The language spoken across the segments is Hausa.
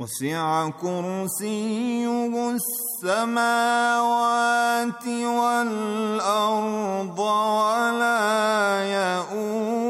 وسع كرسيه السماوات والارض ولا يئوس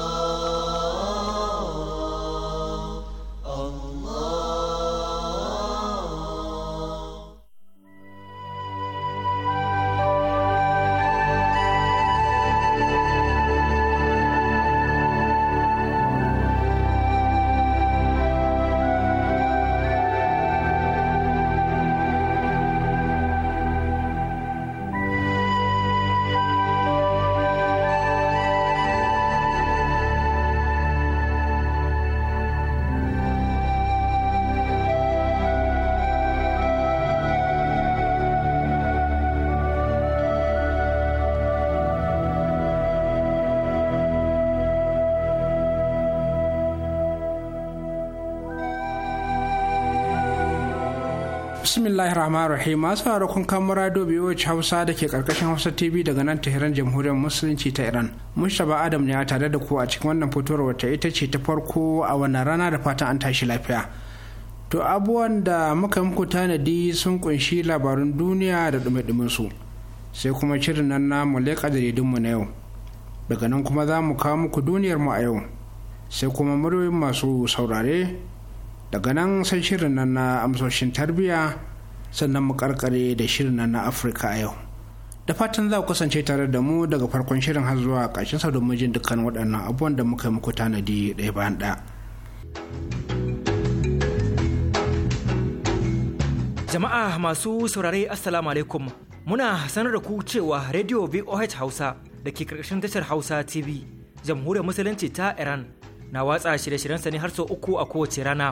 bismillahir rahmanir rahim masu sauraro kun murado radio biyoci hausa da ke karkashin hausa tv daga nan tehran jamhuriyar musulunci ta iran mushaba adam ne ya tare da ku a cikin wannan fitowar wata ita ce ta farko a wannan rana da fatan an tashi lafiya to abubuwan da muka muku tanadi sun kunshi labarun duniya da dumi su sai kuma shirin nan na leƙa jaridunmu na yau daga nan kuma za mu kawo muku duniyar mu a yau sai kuma muryoyin masu saurare daga nan sai shirin nan na amsoshin tarbiyya sannan mu karkare da shirin na afirka a yau da fatan za ku kasance tare da mu daga farkon shirin har zuwa ƙarshen sa domin jin dukkan waɗannan abubuwan da muka yi muku tanadi ɗaya bayan ɗaya jama'a masu saurare assalamu alaikum muna sanar da ku cewa radio voh hausa da ke karkashin tashar hausa tv jamhuriyar musulunci ta iran na watsa shirye shiryen sa ne har sau uku a kowace rana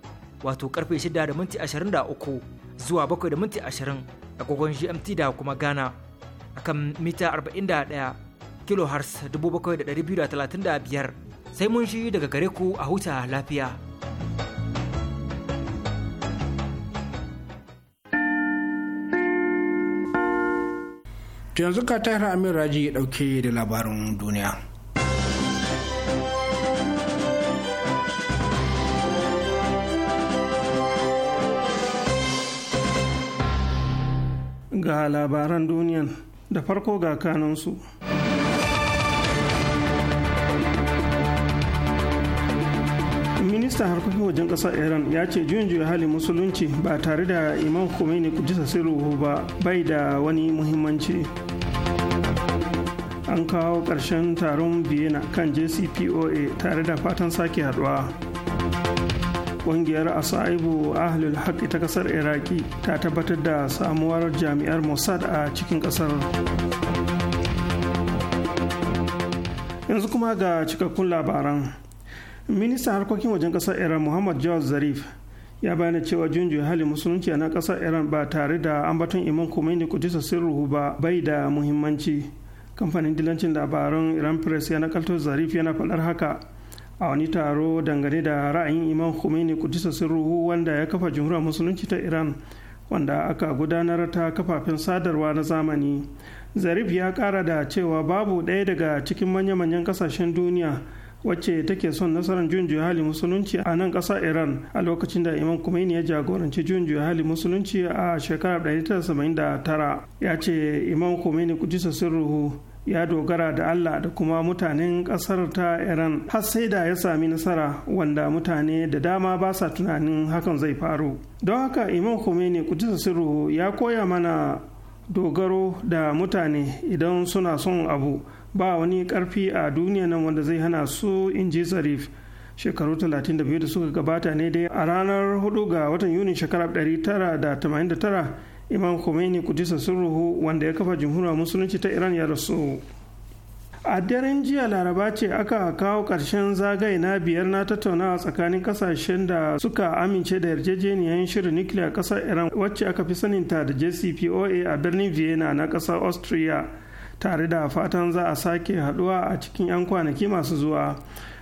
wato karfe 6 da minti 23 zuwa 7 da minti 20 agogon GMT da kuma Ghana akan mita 41 kilohertz 7,235 sai mun shi daga gare ku a huta lafiya. To yanzu ka tahir Amin Raji dauke da labarin duniya. ga labaran duniyan da farko ga kanansu. ministan harkokin wajen ƙasar iran ya ce juyin juya hali musulunci ba tare da imam khomeini ku sirruhu ba bai da wani muhimmanci an kawo ƙarshen taron biyana kan jcpoa tare da fatan sake haduwa kungiyar asaibu ahlul haqqi ta kasar iraki ta tabbatar da samuwar jami'ar mossad a cikin kasar yanzu kuma ga cikakkun labaran ministan harkokin wajen kasar iran muhammad jawad zarif ya bayyana cewa junju hali musulunci na kasar iran ba tare da ambaton imam khomeini kudisa sirruhu ba bai da muhimmanci kamfanin dilancin labaran iran press ya nakalto zarif yana faɗar haka a wani taro dangane da ra'ayin imam khomeini kudisa sirruhu wanda ya kafa jumhuriyar musulunci ta iran wanda aka gudanar ta kafafen sadarwa na zamani zarif ya kara da cewa babu ɗaya daga cikin manya-manyan kasashen duniya wacce take son nasarar juya hali musulunci a nan ƙasa iran a lokacin da imam khomeini ya jagoranci juya hali musulunci a shekarar 1979 ya ce imam khomeini kudisa sirruhu ya dogara da Allah da kuma mutanen ƙasar ta Iran har sai da ya sami nasara wanda mutane da dama ba sa tunanin hakan zai faru. Don haka Imam Khomeini Kudisa Sirru ya koya mana dogaro da mutane idan suna son abu ba wani karfi a duniya nan wanda zai hana su in ji Zarif. shekaru 32 da suka gabata ne dai a ranar 4 ga watan yuni shekarar imam khomeini kudisa ruhu wanda ya kafa jamhuriyar musulunci ta iran ya rasu a daren jiya laraba ce aka kawo karshen zagaye na biyar na tattaunawa tsakanin kasashen da suka amince da yarjejeniyar shirin nukiliya kasar iran wacce aka fi saninta da jcpoa a birnin vienna na kasar austria tare da fatan za a sake haduwa a cikin 'yan kwanaki masu zuwa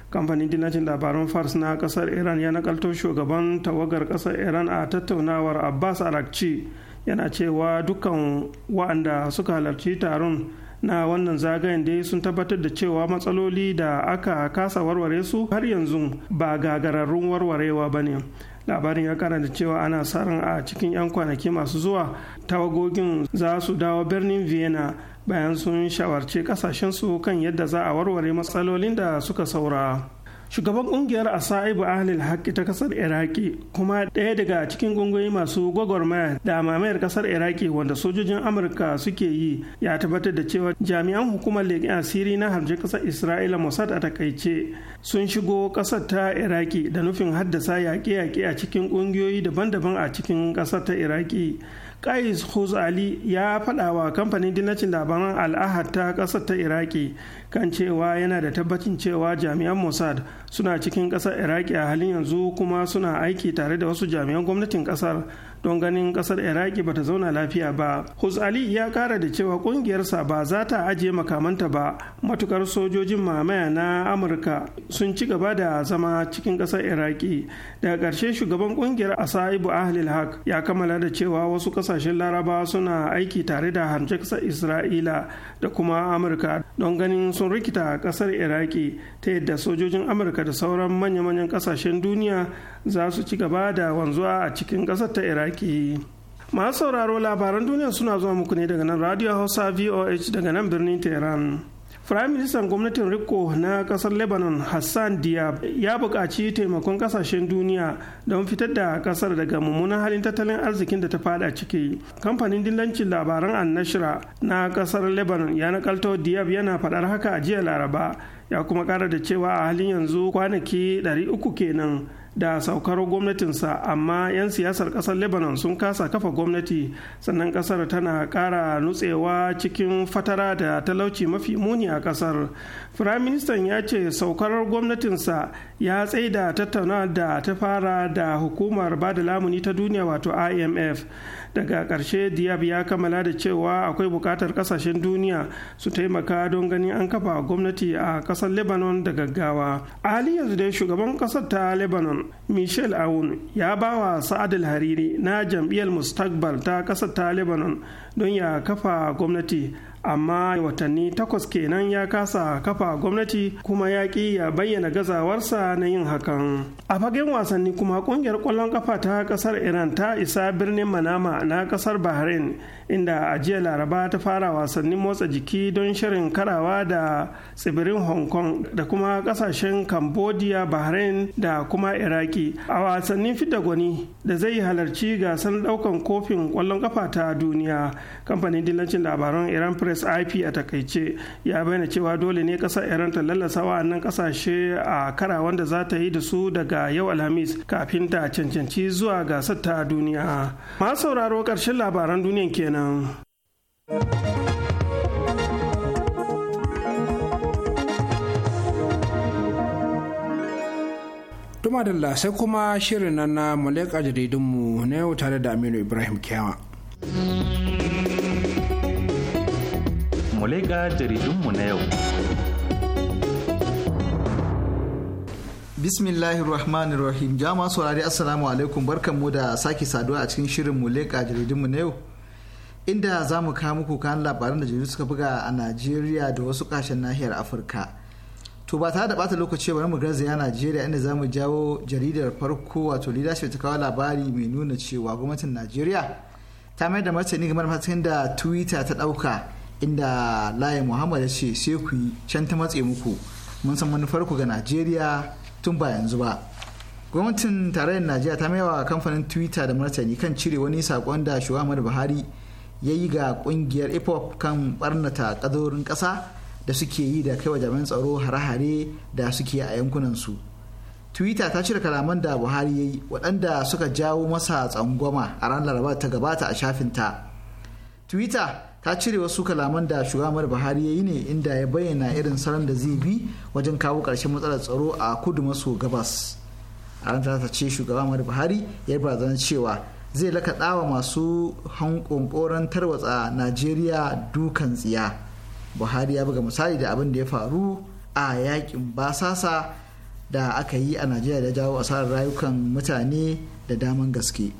kamfanin dillacin labaran fars na kasar iran ya nakalto shugaban tawagar kasar iran a tattaunawar abbas arakci yana cewa dukkan waɗanda suka halarci taron na wannan zagayen dai sun tabbatar da cewa matsaloli da aka kasa warware su har yanzu ba gagararrun warwarewa ba ne labarin ya kara da cewa ana saran a cikin 'yan kwanaki masu zuwa tawagogin za su dawo birnin vienna bayan sun shawarci kasashensu kan yadda za a warware matsalolin da suka saura. shugaban kungiyar asa'ibu ahlil haqqi ta kasar iraki kuma ɗaya daga cikin kungiyoyi masu gwagwarmaya da mamayar kasar iraki wanda sojojin amurka suke yi ya tabbatar da cewa jami'an hukumar leƙen asiri na harjin kasar isra'ila mossad a takaice sun shigo kasar ta iraki da nufin haddasa yaƙe-yaƙe a cikin kungiyoyi daban-daban a cikin kasar ta iraki Kais Huz Ali ya faɗa kamfanin dinacin labaran al'ahad ta ƙasar ta Iraki kan cewa yana da tabbacin cewa jami'an mossad suna cikin ƙasar iraki a halin yanzu kuma suna aiki tare da wasu jami'an gwamnatin ƙasar don ganin ƙasar iraki bata zauna lafiya ba hus ali ya kara da cewa ƙungiyarsa ba za ta ajiye makamanta ba matukar sojojin mamaya na amurka sun ci gaba da zama cikin ƙasar iraki daga karshe shugaban ƙungiyar asaibu ahlil haq ya kammala da cewa wasu ƙasashen laraba suna aiki tare da harce ƙasar isra'ila da kuma amurka don ganin sun rikita a kasar iraki ta yadda sojojin amurka da sauran manya-manyan kasashen duniya za su ci gaba da wanzuwa a cikin kasar ta iraki masu sauraro labaran duniya suna zuwa muku ne daga nan radio hausa voh daga nan birnin tehran firaministan Ministan gwamnatin Riko na kasar Lebanon Hassan Diab ya buƙaci taimakon kasashen duniya don fitar da kasar daga mummunan halin tattalin arzikin da ta fada ciki. Kamfanin dillancin labaran annashira na kasar Lebanon ya nakalto Diab yana faɗar haka a jiya Laraba ya kuma ƙara da cewa a halin yanzu kwanaki 300 kenan da saukar gwamnatinsa amma 'yan siyasar kasar lebanon sun kasa kafa gwamnati sannan kasar tana kara nutsewa cikin fatara da talauci mafi muni a kasar firaministan ya ce saukar gwamnatinsa ya tsaida tattauna da ta fara da hukumar bada lamuni ta duniya wato imf daga ƙarshe diab ya kammala da cewa akwai buƙatar ƙasashen duniya su taimaka don ganin an kafa gwamnati a ƙasar lebanon da gaggawa a halin yanzu dai shugaban ƙasar ta lebanon michel aoun ya ba wa sa'ad hariri na jam'iyyar mustakbal ta ƙasar ta lebanon don ya kafa gwamnati amma watanni takwas kenan ya kasa kafa gwamnati kuma ya ƙi ya bayyana gazawarsa na yin hakan a fagen wasanni kuma kungiyar kwallon kafa ta ƙasar iran ta isa birnin manama na ƙasar bahrain inda a jiya laraba ta fara wasannin motsa jiki don shirin karawa da tsibirin hong kong da kuma ƙasashen cambodia bahrain da kuma iraki a wasannin fidda gwani da zai halarci gasar ɗaukan kofin ƙwallon kafa ta duniya kamfanin dillancin labaran iran press ip a takaice ya bayyana cewa dole ne kasa iran ta lallasa wa'annan kasashe a kara wanda za ta yi da su daga yau alhamis kafin ta cancanci zuwa gasar ta duniya masu sauraro karshen labaran duniyan kenan Tuma da sai kuma shirin nan na Mulek a jaridunmu na yau tare da Aminu Ibrahim Kyawa. mu leƙa jaridunmu na yau. bismillahir rahmanir rahim jama saurari assalamu alaikum barkanmu da sake saduwa a cikin shirin mu leƙa jaridunmu na yau inda za mu kawo muku kan labaran da jaridu suka buga a najeriya da wasu kashen nahiyar afirka to ba tare da bata lokaci bari mu garzaya najeriya inda za mu jawo jaridar farko wato leadership ta kawo labari mai nuna cewa gwamnatin najeriya ta mayar da martani game da matakin da twitter ta ɗauka inda layi muhammad ya ce sai ku yi can ta matse muku mun san manufar ku ga najeriya tun ba yanzu ba gwamnatin tarayyar najeriya ta maiwa kamfanin twitter da martani kan cire wani sakon da shugaban buhari ya yi ga kungiyar ipop kan barnata kadorin kasa da suke yi da kaiwa jami'an tsaro hare-hare da suke a yankunan su twitter ta cire kalaman da buhari ya yi waɗanda suka jawo masa tsangwama a ranar laraba ta gabata a shafinta twitter ta cire wasu kalaman da shugaban buhari ya yi ne inda ya bayyana irin salon da zai bi wajen kawo ƙarshen matsalar tsaro a kudu maso gabas a ran ta ce shugaban buhari ya yi barazanar cewa zai lakaɗawa masu hankunkoran tarwatsa najeriya dukan tsiya buhari ya buga misali da abin da ya faru a yakin basasa da aka yi a najeriya da jawo asarar rayukan mutane da daman gaske.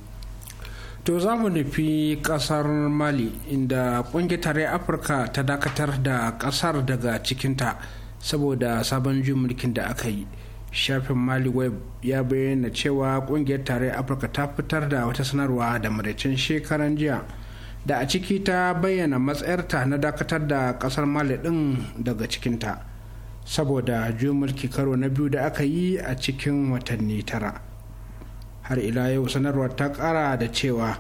to za mu nufi kasar mali inda kungiyar tarayyar afirka ta dakatar da kasar daga cikinta saboda sabon jin mulkin da aka yi shafin mali web ya bayyana cewa kungiyar tare afirka ta fitar da wata sanarwa da maraicin shekaran jiya da a ciki ta bayyana matsayarta na dakatar da kasar mali din daga cikinta saboda jin mulki karo na biyu da aka yi a cikin watanni tara har ila yau sanarwar ta kara da cewa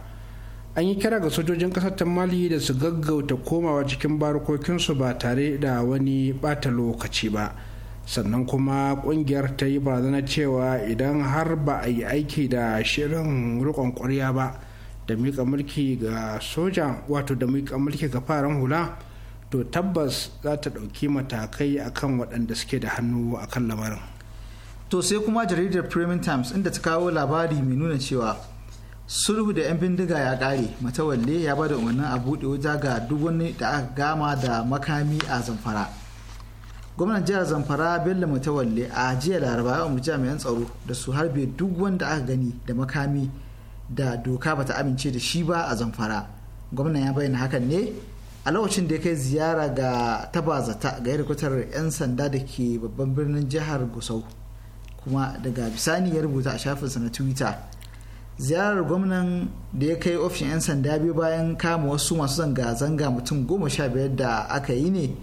an yi kira ga sojojin kasar ta mali da su gaggauta komawa cikin barkokinsu ba tare da wani bata lokaci ba sannan kuma kungiyar ta yi barazana cewa idan har ba a yi aiki da shirin rikon kwarya ba da miƙa mulki ga soja wato da miƙa mulki ga faran hula to tabbas za ta ɗauki matakai akan waɗanda suke da hannu akan lamarin. to sai kuma jaridar premium times inda ta kawo labari mai nuna cewa sulhu da 'yan bindiga ya kare matawalle ya bada umarnin a buɗe wuta ga duk wani da aka gama da makami a zamfara gwamnan jihar zamfara bello matawalle a jiya laraba ya umarci jami'an tsaro da su harbe duk wanda aka gani da makami da doka bata amince da shi ba a zamfara gwamnan ya bayyana hakan ne a lokacin da ya kai ziyara ga tabazata ga yarkutar 'yan sanda da ke babban birnin jihar gusau kuma daga bisani ya rubuta a shafinsa na twitter ziyarar gwamnan da ya kai ofishin 'yan sanda biyu bayan kama wasu masu zanga-zanga mutum goma sha biyar da aka yi ne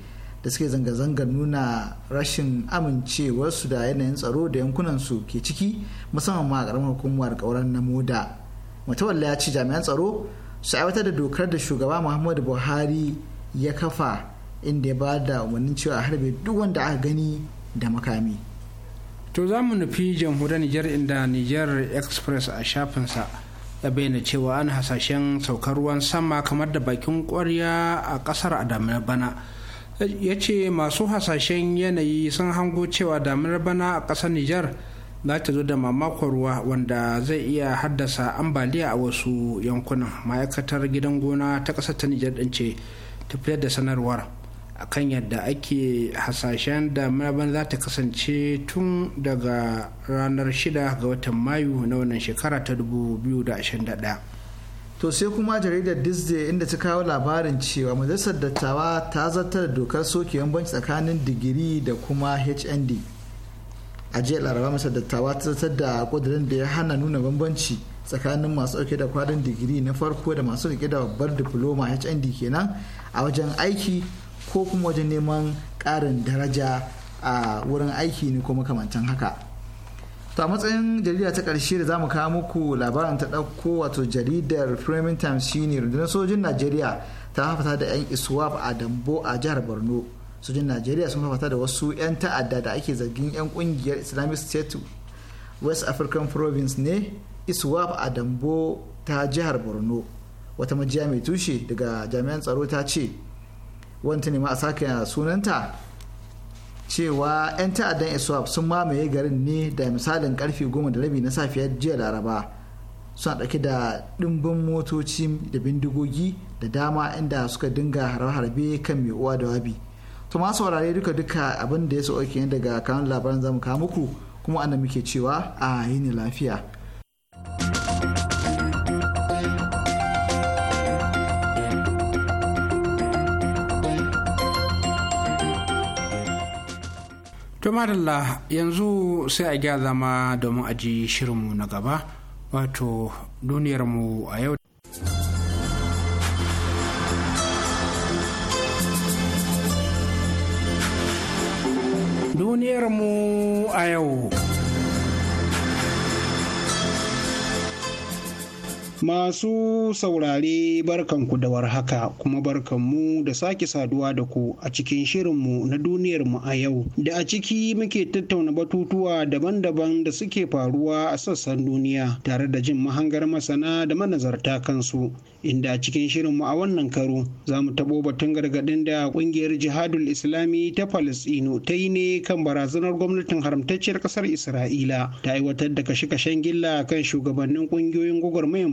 da suke zanga-zangar nuna rashin amincewarsu da yanayin tsaro da yankunansu ke ciki musamman ma a karamar hukumar kauran na moda matawalla ya ce jami'an tsaro su aiwatar da dokar da shugaba muhammadu buhari ya kafa inda ya ba da umarnin cewa harbe duk wanda aka gani da makami to za mu nufi jamhuriyar niger inda niger express a shafinsa ya bayyana cewa an hasashen saukar ruwan sama kamar da bakin kwarya a kasar a bana ya ce masu hasashen yanayi sun hango cewa daminar bana a kasar niger za ta zo da mamakon ruwa wanda zai iya haddasa ambaliya a wasu yankunan ma'aikatar gidan gona ta ƙasar ta niger ɗin ce ta fitar da sanarwar akan yadda ake hasashen damar za ta kasance tun daga ranar 6 ga watan mayu na wannan shekara ta 2021 to sai kuma jaridar disney inda ta kawo labarin cewa majalisar dattawa ta zartar da dokar soke banci tsakanin digiri da kuma hnd a jiya laraba masar dattawa ta zartar da kudurin da ya hana nuna bambanci tsakanin masu dauke da kwarin digiri na farko da masu rike da babbar diploma hnd kenan a wajen aiki ko kuma wajen neman ƙarin daraja a wurin aiki ne ko makamantan haka to a matsayin jarida ta karshe da zamu kawo muku labarin ta ɗauko wato jaridar framing times shine rundunar sojin najeriya ta hafata da 'yan iswap a dambo a jihar borno sojin najeriya sun hafata da wasu 'yan ta'adda da ake zargin 'yan ƙungiyar islamic state west african province ne iswap a dambo ta jihar borno wata majiya mai tushe daga jami'an tsaro ta ce wanta ma a sake sunanta cewa 'yan ta'addan iswap sun mamaye garin ne da misalin karfe goma da rabi na safiyar jiya laraba suna ɗauke da ɗimbin motoci da bindigogi da dama inda suka dinga harbe-harbe kan mai uwa da wabi to masu saurare duka duka abin da ya sauke daga kanun labaran zamu kawo muku kuma ana muke cewa a ne lafiya to madalla yanzu sai a gya zama domin aji shirinmu na gaba wato duniyarmu a yau duniyarmu a yau Masu saurare barkanku da warhaka kuma barkanmu da sake saduwa da ku a cikin shirinmu na duniyarmu a yau da a ciki muke tattauna batutuwa daban-daban da suke faruwa a sassan duniya tare da jin mahangar masana da manazarta kansu inda a cikin shirinmu a wannan karo za mu taɓo batun gargaɗin da ƙungiyar jihadul islami ta Falasɗinu ta yi ne kan barazanar gwamnatin haramtacciyar ƙasar isra'ila ta aiwatar da kashe-kashen gilla kan shugabannin ƙungiyoyin gwagwarmayan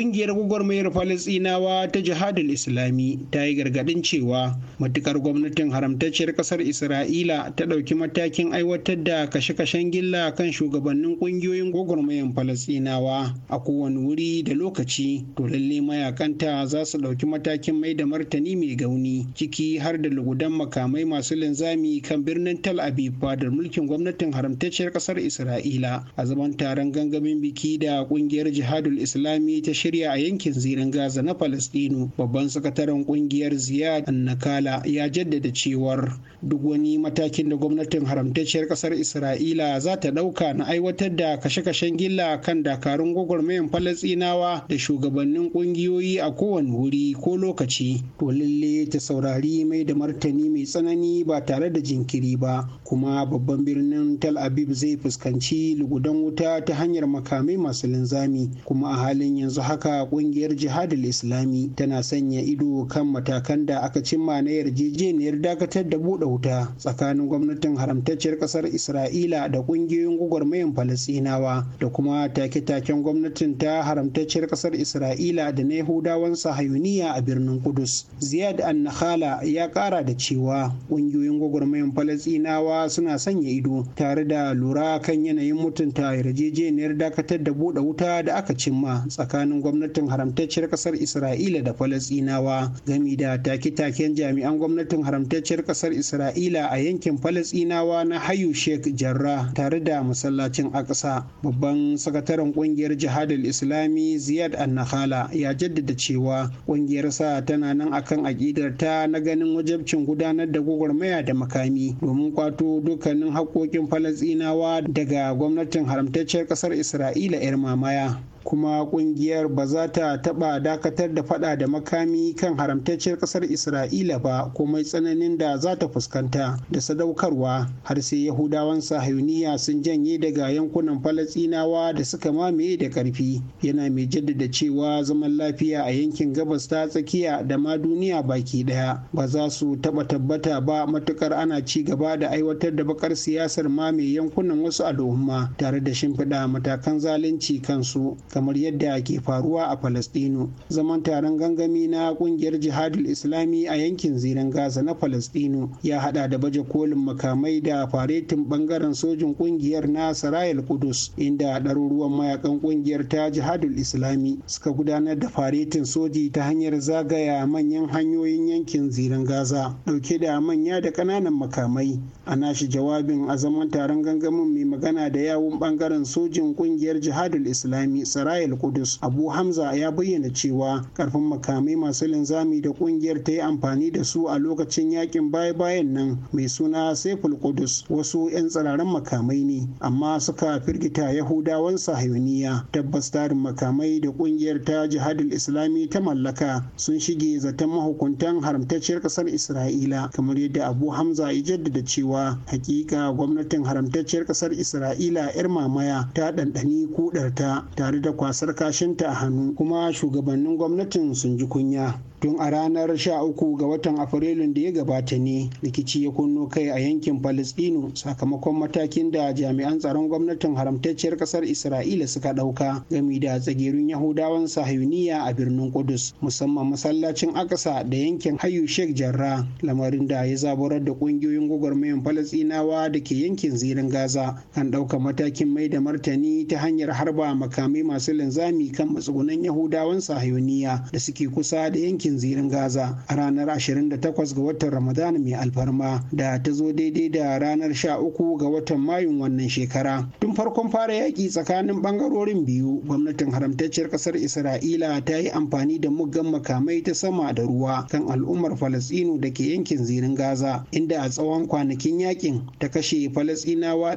Ƙungiyar gwagwarmayar falisinawa ta Jihadul Islami ta yi gargadin cewa matukar gwamnatin haramtacciyar ƙasar Isra'ila ta ɗauki matakin aiwatar da kashe-kashen gilla kan shugabannin ƙungiyoyin gwagwarmayar Falasɗinawa a kowane wuri da lokaci to lalle mayakanta za su ɗauki matakin mai da martani mai gauni ciki har da lugudan makamai masu linzami kan birnin Tal abib da mulkin gwamnatin haramtacciyar ƙasar Isra'ila a zaman taron gangamin biki da ƙungiyar Jihadul Islami ta shirya shirya a yankin zirin Gaza na Falasɗinu. Babban sakataren kungiyar Ziyad Annakala ya jaddada cewar duk wani matakin da gwamnatin haramtacciyar ƙasar Isra'ila za ta ɗauka na aiwatar da kashe-kashen gilla kan dakarun gwagwarmayan Falasɗinawa da shugabannin kungiyoyi a kowane wuri ko lokaci. To lalle ta saurari mai da martani mai tsanani ba tare da jinkiri ba kuma babban birnin Tel Aviv zai fuskanci lugudan wuta ta hanyar makamai masu linzami kuma a halin yanzu haka kungiyar jihadul islami tana sanya ido kan matakan da aka cimma na yarjejeniyar dakatar da buɗe wuta tsakanin gwamnatin haramtacciyar ƙasar isra'ila da ƙungiyoyin gwagwarmayan falasinawa da kuma take-taken gwamnatin ta haramtacciyar ƙasar isra'ila da na yahudawan sahayuniya a birnin kudus ziyad annakhala ya ƙara da cewa ƙungiyoyin gwagwarmayan falasinawa suna sanya ido tare da lura kan yanayin mutunta yarjejeniyar dakatar da buɗe wuta da aka cimma tsakanin gwamnatin haramtacciyar kasar isra'ila da falasinawa gami da take-taken jami'an gwamnatin haramtacciyar kasar isra'ila a yankin falasinawa na hayu sheikh jarrah tare da masallacin aksa babban sakataren kungiyar jihadul islami ziyad al-Nakhala ya jaddada cewa kungiyarsa tana nan akan aƙidar ta na ganin wajabcin gudanar da gwagwarmaya da makami domin kwato dukkanin haƙƙoƙin falasinawa daga gwamnatin haramtacciyar kasar isra'ila 'yar mamaya kuma kungiyar ba za ta taba dakatar da fada da makami kan haramtacciyar kasar isra'ila ba komai tsananin da za ta fuskanta da sadaukarwa har sai yahudawan sahayuniya sun janye daga yankunan falasinawa da suka mamaye da karfi yana mai jaddada cewa zaman lafiya a yankin gabas ta tsakiya da ma duniya baki daya ba za su taba tabbata ba matukar ana ci gaba da aiwatar da bakar siyasar mamaye yankunan wasu al'umma tare da shimfiɗa matakan zalunci kansu kamar yadda ke faruwa a Falasɗinu. Zaman taron gangami na kungiyar jihadul Islami a yankin zirin Gaza na Falasɗinu ya hada da baje kolin makamai da faretin bangaren sojin kungiyar na Sarayal Kudus inda ɗaruruwan mayakan kungiyar ta jihadul Islami suka gudanar da faretin soji ta hanyar zagaya manyan hanyoyin yankin zirin Gaza dauke da manya da ƙananan makamai. ana shi jawabin a zaman taron gangamin mai magana da yawun bangaren sojin kungiyar jihadul Islami sarayil kudus abu hamza ya bayyana cewa karfin makamai masu linzami da kungiyar ta yi amfani da su a lokacin yakin baya bayan nan mai suna saiful kudus wasu 'yan tsiraran makamai ne amma suka firgita yahudawan sahayuniya tabbas tarin makamai da kungiyar ta jihadul islami ta mallaka sun shige zaton mahukuntan haramtacciyar kasar isra'ila kamar yadda abu hamza ya jaddada cewa hakika gwamnatin haramtacciyar kasar isra'ila 'yar mamaya ta ɗanɗani kudarta tare da da kwasar kashinta a hannu kuma shugabannin gwamnatin sun ji kunya tun a ranar 13 ga watan afrilun da ya gabata ne rikici ya kunno kai a yankin palestino sakamakon matakin da jami'an tsaron gwamnatin haramtacciyar kasar isra'ila suka ɗauka gami da tsagerun yahudawan sahayuniya a birnin kudus musamman masallacin akasa da yankin hayu sheikh jarra lamarin da ya zaburar da ƙungiyoyin gwagwarmayan palestinawa da ke yankin zirin gaza kan ɗauka matakin mai da martani ta hanyar harba makamai masu linzami kan matsugunan yahudawan sahayuniya da suke kusa da yankin yankin zirin Gaza a ranar 28 ga watan Ramadan mai alfarma da ta zo daidai da ranar 13 ga watan Mayun wannan shekara. Tun farkon fara yaƙi tsakanin ɓangarorin biyu, gwamnatin haramtacciyar ƙasar Isra'ila ta yi amfani da muggan makamai ta sama da ruwa kan al'ummar Falasɗinu da ke yankin zirin Gaza, inda a tsawon kwanakin yaƙin ta kashe Falasɗinawa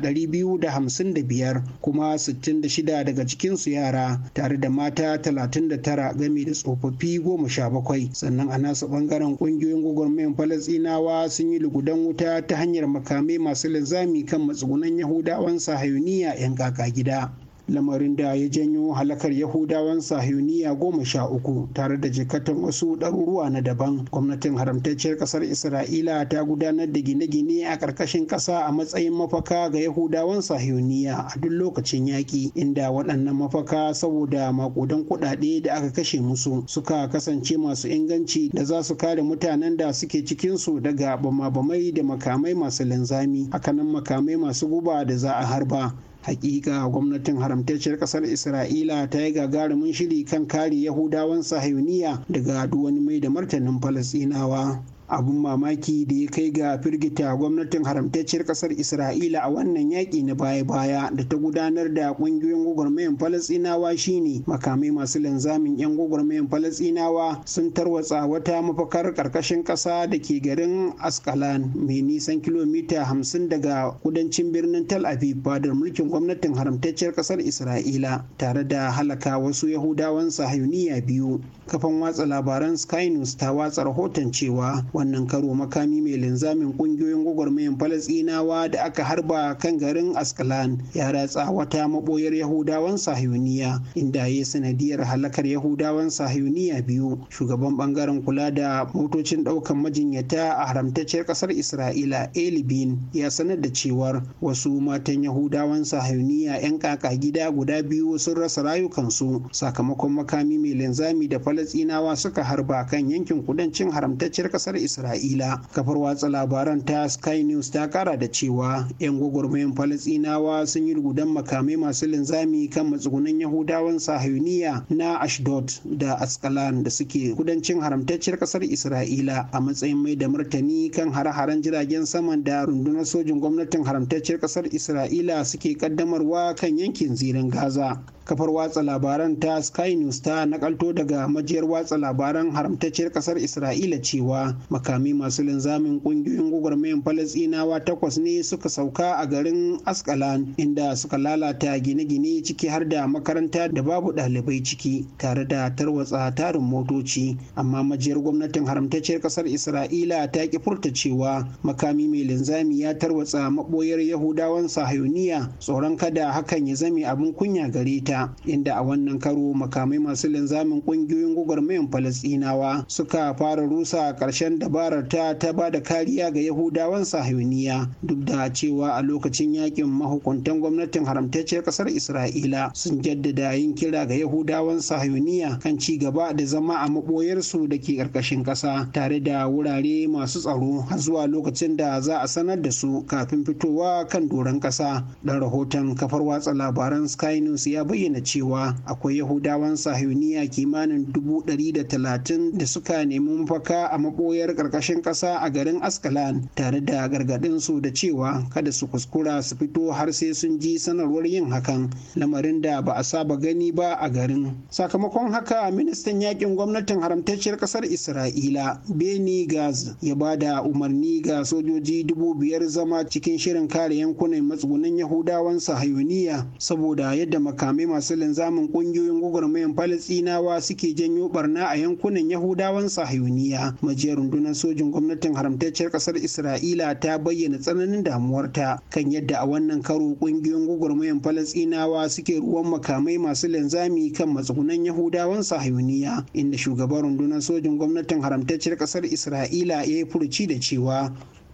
biyar kuma 66 daga cikinsu yara tare da mata 39 game da tsofaffi goma sha bakwai. kai sannan a nasa bangaren kungiyoyin gwagwarmayan falasinawa sun yi lugudan wuta ta hanyar makamai masu linzami kan matsugunan yahudawan sahayuniya 'yan kaka gida lamarin da ya janyo halakar yahudawan sahiyuniya goma sha uku tare da jikatan wasu ɗaruruwa na daban gwamnatin haramtacciyar ƙasar isra'ila ta gudanar da gine-gine a ƙarƙashin ƙasa a matsayin mafaka ga yahudawan sahiyuniya a duk lokacin yaƙi inda waɗannan mafaka saboda maƙudan kuɗaɗe da aka kashe musu suka kasance masu inganci da za su kare mutanen da suke cikin su daga bama-bamai da makamai masu linzami hakanan makamai masu guba da za a harba hakika gwamnatin haramtacciyar kasar isra'ila ta yi gagarumin shiri kan kare yahudawan sahiyuniya daga wani mai da martanin falasinawa abun mamaki da ya kai ga firgita gwamnatin haramtacciyar kasar isra'ila a wannan yaƙi na baya-baya da ta gudanar da ƙungiyoyin gwagwarmayan falasinawa shine makamai masu linzamin 'yan gwagwarmayan falasinawa sun tarwatsa wata mafakar ƙarƙashin ƙasa da ke garin askalan mai nisan kilomita hamsin daga kudancin birnin tel aviv fadar mulkin gwamnatin haramtacciyar kasar isra'ila tare da halaka wasu yahudawan sahayuniya biyu kafan watsa labaran sky news ta watsa rahoton cewa wannan karo makami mai linzamin kungiyoyin gwagwarmayar falasinawa da aka harba kan garin askalan ya ratsa wata maboyar yahudawan sahiyuniya inda ya yi sanadiyar halakar yahudawan sahiyuniya biyu shugaban bangaren kula da motocin daukan majinyata a haramtacciyar kasar isra'ila elibin ya sanar da cewar wasu matan yahudawan sahiyuniya 'yan kaka gida guda biyu sun rasa rayukansu sakamakon makami mai linzami da falasinawa suka harba kan yankin kudancin haramtacciyar kasar isra'ila isra'ila kafar watsa labaran ta sky news ta kara da cewa 'yan gwagwarmayan falasinawa sun yi rugudan makamai masu linzami kan matsugunan yahudawan sahayuniya na ashdod da askalan da suke kudancin haramtacciyar kasar isra'ila a matsayin mai da martani kan hare-haren jiragen saman da rundunar sojin gwamnatin haramtacciyar kasar isra'ila suke kaddamarwa kan yankin zirin gaza kafar watsa labaran ta sky news ta nakalto daga majiyar watsa labaran haramtacciyar kasar isra'ila cewa makami masu linzamin kungiyoyin gwagwarmayan falasinawa takwas ne suka sauka a garin askalan inda suka lalata gine-gine ciki har da makaranta da babu ɗalibai ciki tare da tarwatsa tarin motoci amma majiyar gwamnatin haramtacciyar kasar isra'ila ta ki furta cewa makami mai linzami ya tarwatsa maɓoyar yahudawan sahayuniya tsoron kada hakan ya zame abin kunya gare ta ita inda a wannan karo makamai masu linzamin kungiyoyin gwagwarmayan falastinawa suka fara rusa ƙarshen dabarar ta ta ba da kariya ga yahudawan sahiyoniya duk da cewa a lokacin yakin mahukuntan gwamnatin haramtacciyar ƙasar isra'ila sun jaddada yin kira ga yahudawan sahiyoniya kan ci gaba da zama a maɓoyarsu da ke ƙarƙashin ƙasa tare da wurare masu tsaro har zuwa lokacin da za a sanar da su kafin fitowa kan doron ƙasa Don rahoton kafar watsa labaran sky news ya bayyana bayyana cewa akwai yahudawan sahiyuniya kimanin dubu ɗari da talatin da suka nemi mafaka a maɓoyar ƙarƙashin ƙasa a garin askalan tare da gargaɗin su da cewa kada su kuskura su fito har sai sun ji sanarwar yin hakan lamarin da ba a saba gani ba a garin sakamakon haka ministan yakin gwamnatin haramtacciyar ƙasar isra'ila beni gaz ya ba da umarni ga sojoji dubu biyar zama cikin shirin kare yankunan matsugunan yahudawan sahiyuniya saboda yadda makamai masu linzamin kungiyoyin gwagwarmayan falastinawa suke janyo barna a yankunan yahudawan sahayuniya majiyar rundunar sojin gwamnatin haramtacciyar kasar isra'ila ta bayyana tsananin damuwarta kan yadda a wannan karo kungiyoyin gwagwarmayan falastinawa suke ruwan makamai masu linzami kan matsugunan yahudawan sahayuniya inda shugaban rundunar sojin gwamnatin haramtacciyar kasar isra'ila ya yi furuci da cewa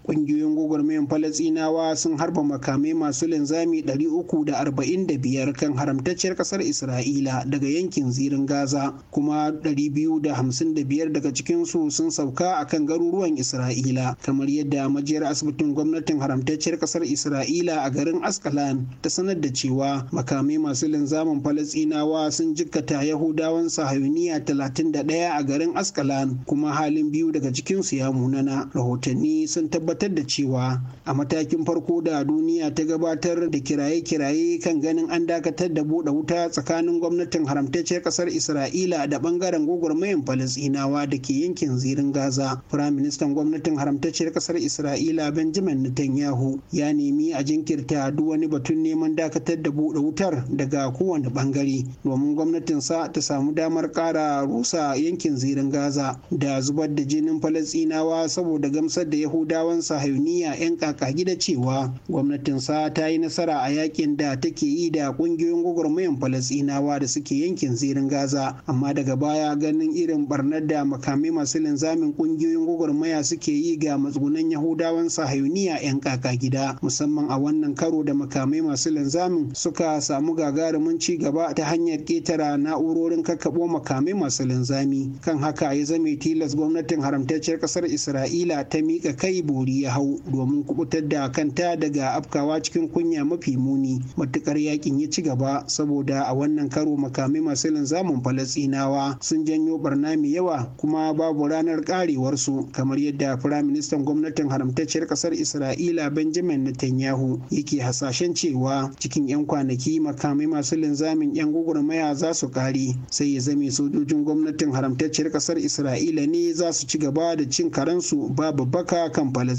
ƙungiyoyin gwagwarmayar falasinawa sun harba makamai masu linzami 345 kan haramtacciyar ƙasar isra'ila daga yankin zirin gaza kuma 255 daga cikinsu sun sauka a kan garuruwan isra'ila kamar yadda majiyar asibitin gwamnatin haramtacciyar ƙasar isra'ila a garin askalan ta sanar da cewa makamai masu linzamin falasinawa sun jikkata yahudawan sahayuniya 31 a garin askalan kuma halin biyu daga cikinsu ya munana rahotanni sun tabbatar tabbatar da cewa a matakin farko da duniya ta gabatar da kiraye-kiraye kan ganin an dakatar da buɗe wuta tsakanin gwamnatin haramtacciyar ƙasar isra'ila da ɓangaren gwagwarmayan Falasinawa da ke yankin zirin gaza firaministan gwamnatin haramtacciyar ƙasar isra'ila benjamin netanyahu ya nemi a jinkirta duk wani batun neman dakatar da buɗe wutar daga kowane ɓangare domin gwamnatinsa ta samu damar ƙara rusa yankin zirin gaza da zubar da jinin Falasinawa saboda gamsar da yahudawan sahayuniya 'yan kaka gida cewa gwamnatin gwamnatinsa ta yi nasara a yakin da take yi da kungiyoyin gwagwarmayan falasinawa da suke yankin zirin gaza amma daga baya ganin irin barnar da makamai masu linzamin kungiyoyin gwagwarmaya suke yi ga matsugunan yahudawan sahayuniya 'yan kaka gida musamman a wannan karo da makamai masu linzamin suka samu gagarumin ci gaba ta hanyar ketara na'urorin kakkaɓo makamai masu linzami kan haka ya zame tilas gwamnatin haramtacciyar ƙasar isra'ila ta miƙa kai bori ya hau domin kubutar da kanta daga afkawa cikin kunya mafi muni matukar yakin ya ci gaba saboda a wannan karo makamai masu linzamin falasinawa sun janyo barna mai yawa kuma babu ranar karewarsu kamar yadda firaministan gwamnatin haramtacciyar kasar isra'ila benjamin netanyahu yake hasashen cewa cikin 'yan kwanaki makamai masu linzamin 'yan gwagwarmaya za su kare sai ya zame sojojin gwamnatin haramtacciyar kasar isra'ila ne za su ci gaba da cin karansu babu baka kan falasinawa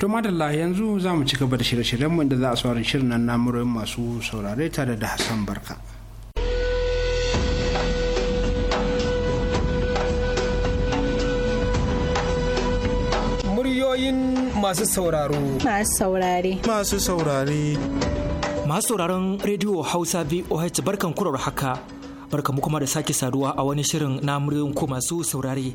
to madalla yanzu za mu ci gaba da shirye-shiryenmu da za a saurari shirin nan namurorin masu saurare tare da hassan barka muryoyin masu sauraro masu saurare masu saurare masu sauraron rediyo hausa voh barkan kurar haka barka mu kuma da sake saduwa a wani shirin na muryoyin ko masu saurare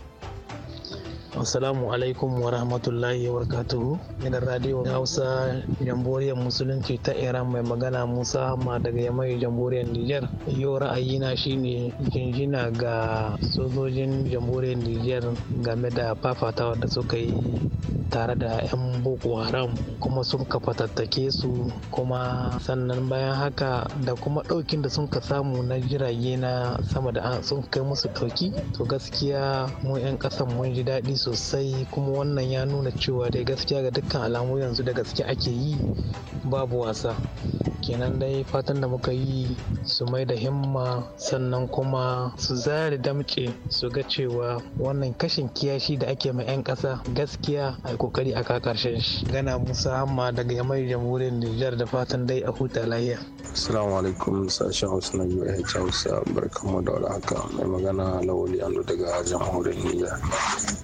Assalamu alaikum wa rahmatullahi wa barakatuhu. Ina radio Hausa Jamhuriyar Musulunci ta Iran mai magana Musa Hamma daga Yamai Jamhuriyar Nijar. Yau na shine jinjina ga sojojin Jamhuriyar Nijar game da fafatawa da suka yi tare da 'yan Boko Haram kuma sun tattake su kuma sannan bayan haka da kuma ɗaukin da sun ka samu na jirage na sama da sun kai musu ɗauki to gaskiya mu 'yan ƙasan mun ji daɗi sosai kuma wannan ya nuna cewa dai gaskiya ga dukkan alamu yanzu da gaske ake yi babu wasa kenan dai fatan da muka yi su mai da himma sannan kuma su zare damce su ga cewa wannan kashin kiyashi da ake ma 'yan ƙasa gaskiya a kokari a karshen shi gana musa hamma daga yamai jamhuriyar nijar da fatan dai a huta lahiya assalamu alaikum sashen hausa na uh hausa barkanmu da haka mai magana lawali ando daga jamhuriyar nijar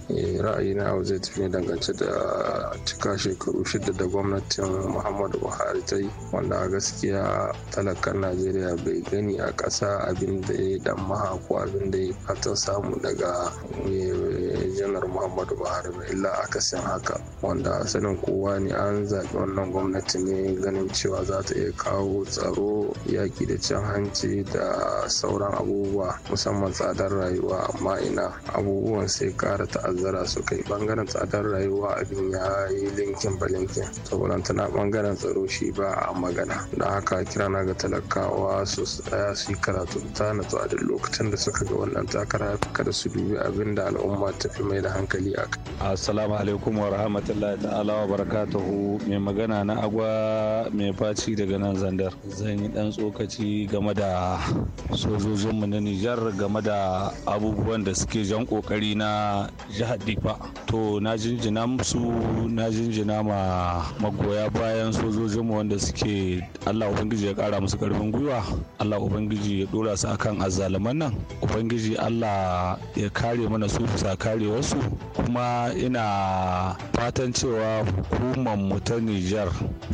eh, ra'ayina zai tafi ne dangance da cika shekaru shida da gwamnatin muhammadu buhari ta yi wanda a gaskiya talakan najeriya bai gani a ƙasa abin da ya dan maha ko abin da ya fata samu daga eh, janar muhammadu buhari ba illa akasin haka wanda sanin kowa ne an zaɓi wannan gwamnati ne ganin cewa za ta iya kawo tsaro yaƙi da cin hanci da sauran abubuwa musamman tsadar rayuwa amma ina abubuwan sai ƙara ta'azzara nasara suka yi bangaren tsadar rayuwa abin ya yi linkin ba linkin saboda tana bangaren tsaro shi ba a magana da haka kira na ga talakawa su tsaya su yi karatu ta natsu a duk lokacin da suka ga wannan takara kada su dubi abin da al'umma ta fi mai da hankali a kai. assalamu alaikum wa rahmatullahi ta'ala wa barakatuhu mai magana na agwa mai faci daga nan zandar zan yi dan tsokaci game da sojojinmu na nijar game da abubuwan da suke jan kokari na jihar ba to na jinjina musu na jinjina ma magoya bayan sojojin mu wanda suke allah ubangiji ya kara musu ƙarfin gwiwa allah ubangiji ya dora su akan azzaluman nan ubangiji allah ya kare mana su bisa kare wasu kuma ina fatan cewa hukumar mu ta nijar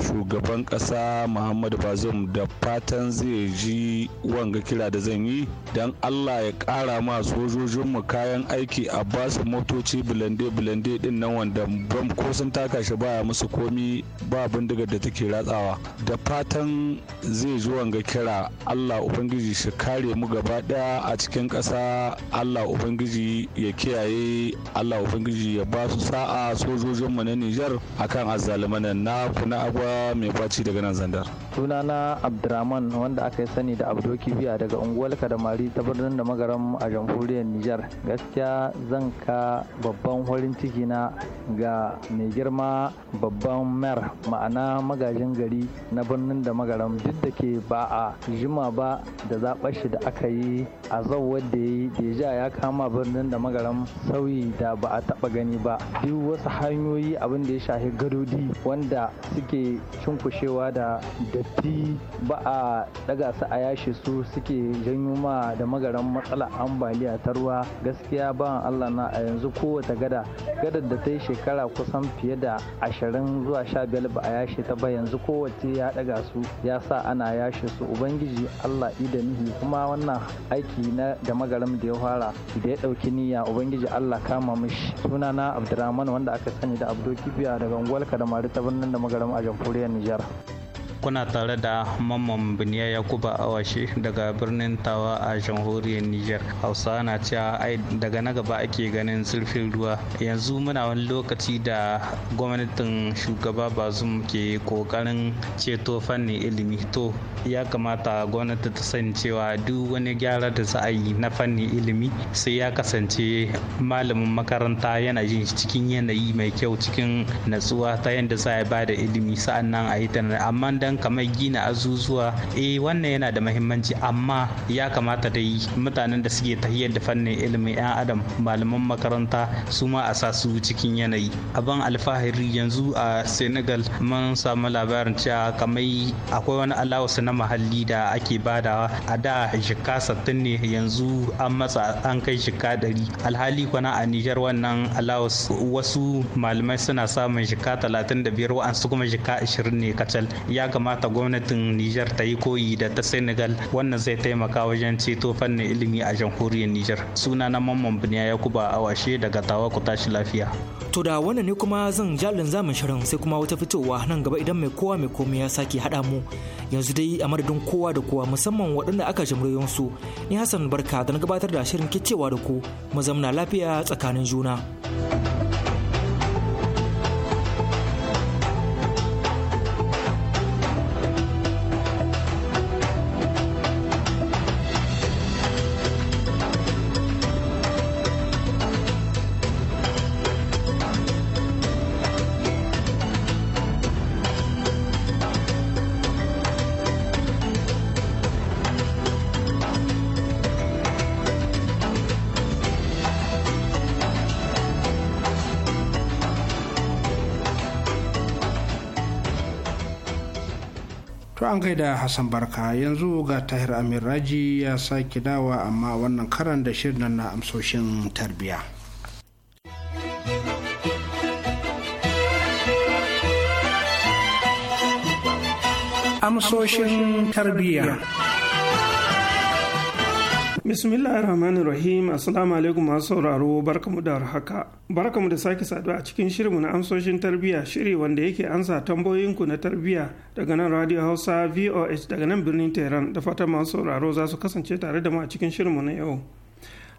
shugaban ƙasa muhammadu bazum da fatan zai ji wanga kira da zan yi don allah ya ƙara ma sojojinmu kayan aiki a basu motoci bulande bulande din nan wanda ban ko sun taka shi baya musu komi ba bindigar da take ratsawa da fatan zai zo wanga kira allah ubangiji shi kare mu gaba daya a cikin kasa allah ubangiji ya kiyaye allah ubangiji ya ba su sa'a sojojinmu na nijar akan azzalumanan na kuna agwa mai baci daga nan zandar sunana abdurrahman wanda aka yi sani da abdo kibiya daga unguwar kadamari ta birnin da magaram a jamhuriyar nijar gaskiya zan ka babban farin ciki na ga mai girma babban mayar ma'ana magajin gari na birnin da magaram duk da ke ba a jima ba da zaɓar shi da aka yi a zau wadda ya yi deja ya kama birnin da magaram sauyi da ba a taɓa gani ba duk wasu hanyoyi abin da ya shafi gadodi wanda suke cunkushewa da datti ba a daga su a yashi su suke janyo ma da magaran matsala ambaliya ta ruwa gaskiya ba Allah na a yanzu ko kowace gada gadar da ta yi shekara kusan fiye da ashirin zuwa sha biyar ba a yashe ta ba yanzu kowace ya daga su ya sa ana yashe su ubangiji allah idanihi kuma wannan aiki na da magaram da ya fara da ya dauki niyya ubangiji allah kama mishi na abdurrahman wanda aka sani da abdo kibiya daga unguwar da ta birnin da magaram a jamhuriyar nijar kuna tare da mamman biniya yakuba awashi daga birnin tawa a jamhuriyar niger hausa na cewa ai daga na gaba ake ganin zurfin ruwa yanzu muna wani lokaci da gwamnatin shugaba bazum ke kokarin ceto fannin ilimi to ya kamata gwamnati ta sani cewa duk wani gyara da za a yi na fannin ilimi sai ya kasance malamin makaranta yana yin cikin yanayi mai kyau cikin natsuwa ta yadda za a ba da ilimi sa'annan a yi ta amma dan wajen kamar gina azuzuwa eh wannan yana da mahimmanci amma ya kamata dai mutanen da suke tahiyar da fannin ilimin 'yan adam malaman makaranta su ma a sa su cikin yanayi abin alfahari yanzu a senegal mun samu labarin cewa kamar akwai wani alawasu na mahalli da ake badawa a da shika sattin ne yanzu an matsa an kai shika ɗari alhali kwana a nijar wannan alawas wasu malamai suna samun shika talatin da biyar wa'ansu kuma shika ashirin ne kacal ya kamata gwamnatin Nijar ta yi koyi da ta Senegal wannan zai taimaka wajen ceto fannin ilimi a jamhuriyar Nijar. Suna na Mamman Biniya Yakuba Awashe daga Tawa ku tashi lafiya. To da wannan ne kuma zan jalin zamin shirin sai kuma wata fitowa nan gaba idan mai kowa mai komai ya sake haɗa mu. Yanzu dai a madadin kowa da kowa musamman waɗanda aka jimriyon su. Ni Hassan Barka da na gabatar da shirin kicewa da ku mu zamna lafiya tsakanin juna. an gaida Hassan Barka yanzu ga Tahir Amir Raji ya sake dawa amma wannan karan da shirin na amsoshin tarbiyya. Amsoshin tarbiyya. bismillah rahmanir rahim assalamu alaikum masu sauraro barkamu da haka barkamu da sake saduwa a cikin shirinmu na amsoshin tarbiyya shiri wanda yake ansa tambayoyinku na tarbiyya daga nan radio hausa voh daga nan birnin tehran da fatan masu sauraro za su kasance tare da mu a cikin shirinmu na yau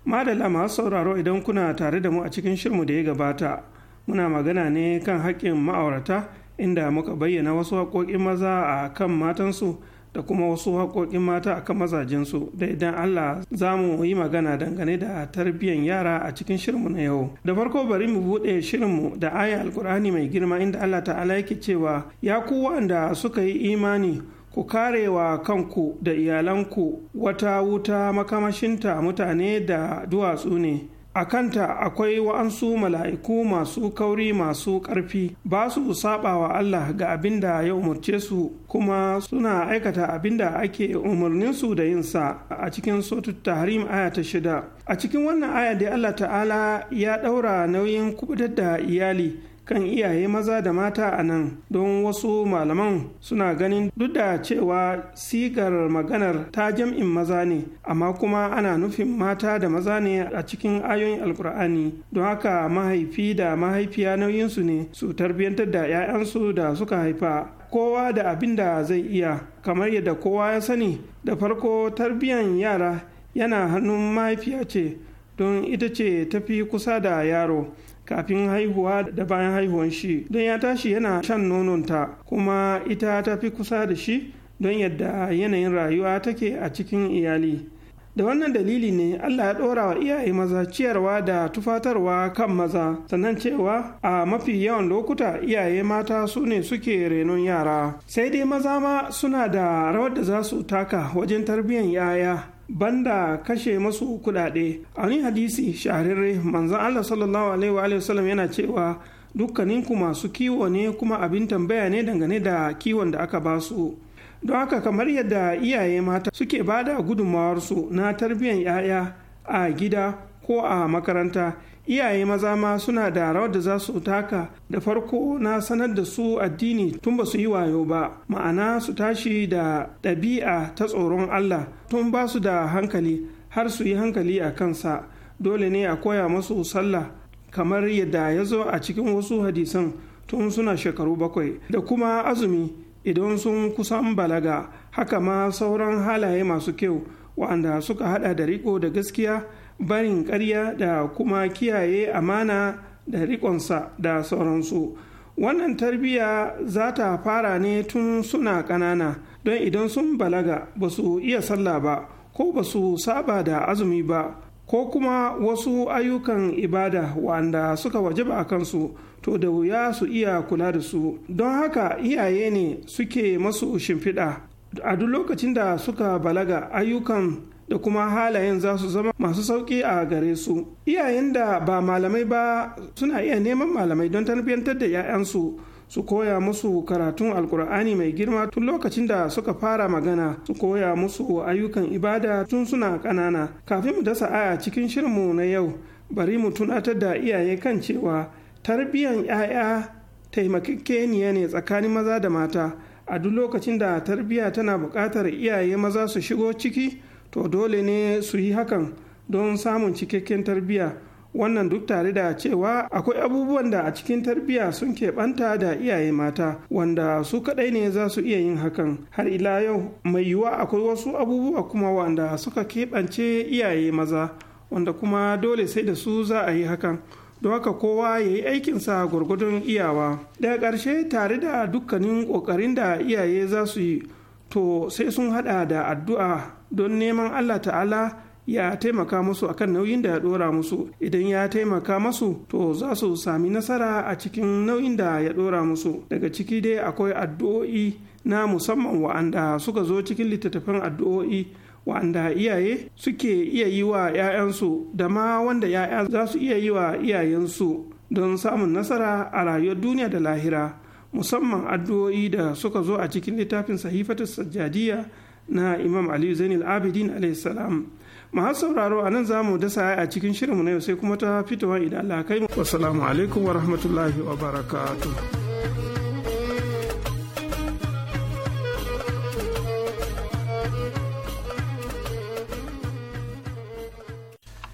madalla masu sauraro idan kuna tare da mu a cikin shirinmu da ya gabata muna magana ne kan haƙƙin ma'aurata inda muka bayyana wasu haƙoƙin maza a kan matansu da kuma wasu haƙoƙin mata a kan mazajensu da idan Allah za mu yi magana dangane da tarbiyyar yara a cikin shirinmu na yau. Da farko bari mu buɗe shirinmu da aya alkur'ani mai girma inda Allah ta'ala yake cewa ya ku wanda suka yi imani ku karewa kanku da iyalanku wata wuta makamashinta mutane da duwatsu ne. a kanta akwai wa'ansu mala'iku masu kauri masu ƙarfi ba su saba wa Allah ga abin da ya umarce su kuma suna aikata abin da ake umarninsu da yinsa a cikin sotun tahrim aya ta shida a cikin wannan aya da Allah ta'ala ya ɗaura nauyin kubutar da iyali kan iyaye maza da mata a nan don wasu malaman suna ganin duk da cewa sigar maganar ta jam'in maza ne amma kuma ana nufin mata da maza ne a cikin ayoyin alkur'ani don haka mahaifi da mahaifiya nauyinsu ne su tarbiyyantar da 'ya'yansu da suka haifa kowa da abin da zai iya kamar yadda kowa ya sani da farko tarbiyyan yara yana hannun mahaifiya ce don ita ce tafi kusa da yaro kafin haihuwa da bayan haihuwan shi don ya tashi yana shan nononta kuma ita ta fi kusa da shi don yadda yanayin rayuwa take a cikin iyali da wannan dalili ne allah ya ɗora wa iyaye maza ciyarwa da tufatarwa kan maza sannan cewa a mafi yawan lokuta iyaye mata su ne suke renon yara sai dai maza ma suna da rawar da za su taka wajen tarbiyyar yaya banda kashe masu kudade a wani hadisi shahararre manzon Allah sallallahu alaihi wa sallam yana cewa dukkaninku masu kiwo ne kuma abin tambaya ne dangane da kiwon da aka basu don haka kamar yadda iyaye mata suke bada da gudunmawarsu na tarbiyyar 'ya'ya a gida ko a makaranta iyaye maza ma suna da rawar da za su taka da farko na sanar da su addini tun ba su yi wayo ba ma'ana su tashi da ɗabi'a ta tsoron allah tun ba su da hankali har su yi hankali a kansa dole ne a koya masu sallah kamar yadda ya zo a cikin wasu hadisan tun suna shekaru bakwai da kuma azumi idan sun kusan balaga haka ma sauran halaye masu kyau wa'anda suka hada da riko da gaskiya barin karya da kuma kiyaye amana da riƙonsa da sauransu wannan tarbiyya za ta fara ne tun suna ƙanana don idan sun balaga ba su iya sallah ba ko ba su saba da azumi ba ko kuma wasu ayyukan ibada wanda suka wajaba a kansu to da wuya su iya kula da su don haka iyaye ne suke masu shimfiɗa a duk lokacin da suka balaga ayyukan da kuma halayen za su zama masu sauƙi a gare su iyayen da ba malamai ba suna iya neman malamai don tarbiyyantar da 'ya'yansu su koya musu karatun alkur'ani mai girma tun lokacin da suka fara magana su koya musu ayyukan ibada tun suna ƙanana kafin mu dasa aya cikin shirinmu na yau bari mu tunatar da iyaye kan cewa tarbiyyan 'ya'ya taimakekeniya ne tsakanin maza da mata a duk lokacin da tarbiyya tana buƙatar iyaye maza su shigo ciki to dole ne su yi hakan don samun cikakken tarbiyya wannan duk tare da cewa akwai abubuwan da a cikin tarbiyya sun keɓanta da iyaye mata wanda su kaɗai ne za su iya yin hakan har ila yau mai yiwuwa akwai wasu abubuwa kuma wanda suka keɓance iyaye maza wanda kuma dole sai da su za a yi hakan don haka kowa ya yi aikinsa gwargwadon iyawa daga ƙarshe tare da dukkanin ƙoƙarin da iyaye za su yi to sai sun haɗa da addu'a don neman Allah ta'ala ya taimaka musu akan nauyin da ya dora musu idan ya taimaka musu to za su sami nasara a cikin nauyin da ya dora musu daga ciki dai akwai addu'o'i na musamman wa'anda suka zo cikin littattafan addu'o'i wa'anda iyaye suke iya yi wa 'ya'yansu da ma wanda 'ya'ya za su iya yi wa iyayensu don samun nasara a rayuwar duniya da lahira musamman addu'o'i da suka zo a cikin littafin sahifatus sajjadiyya na imam aliyu zainul abidin alaihissalam masu sauraro a nan za mu dasa a cikin shirinmu na yau sai kuma ta fitowa idan allah kai wasalamu alaikum wa rahmatullahi wa barakatuh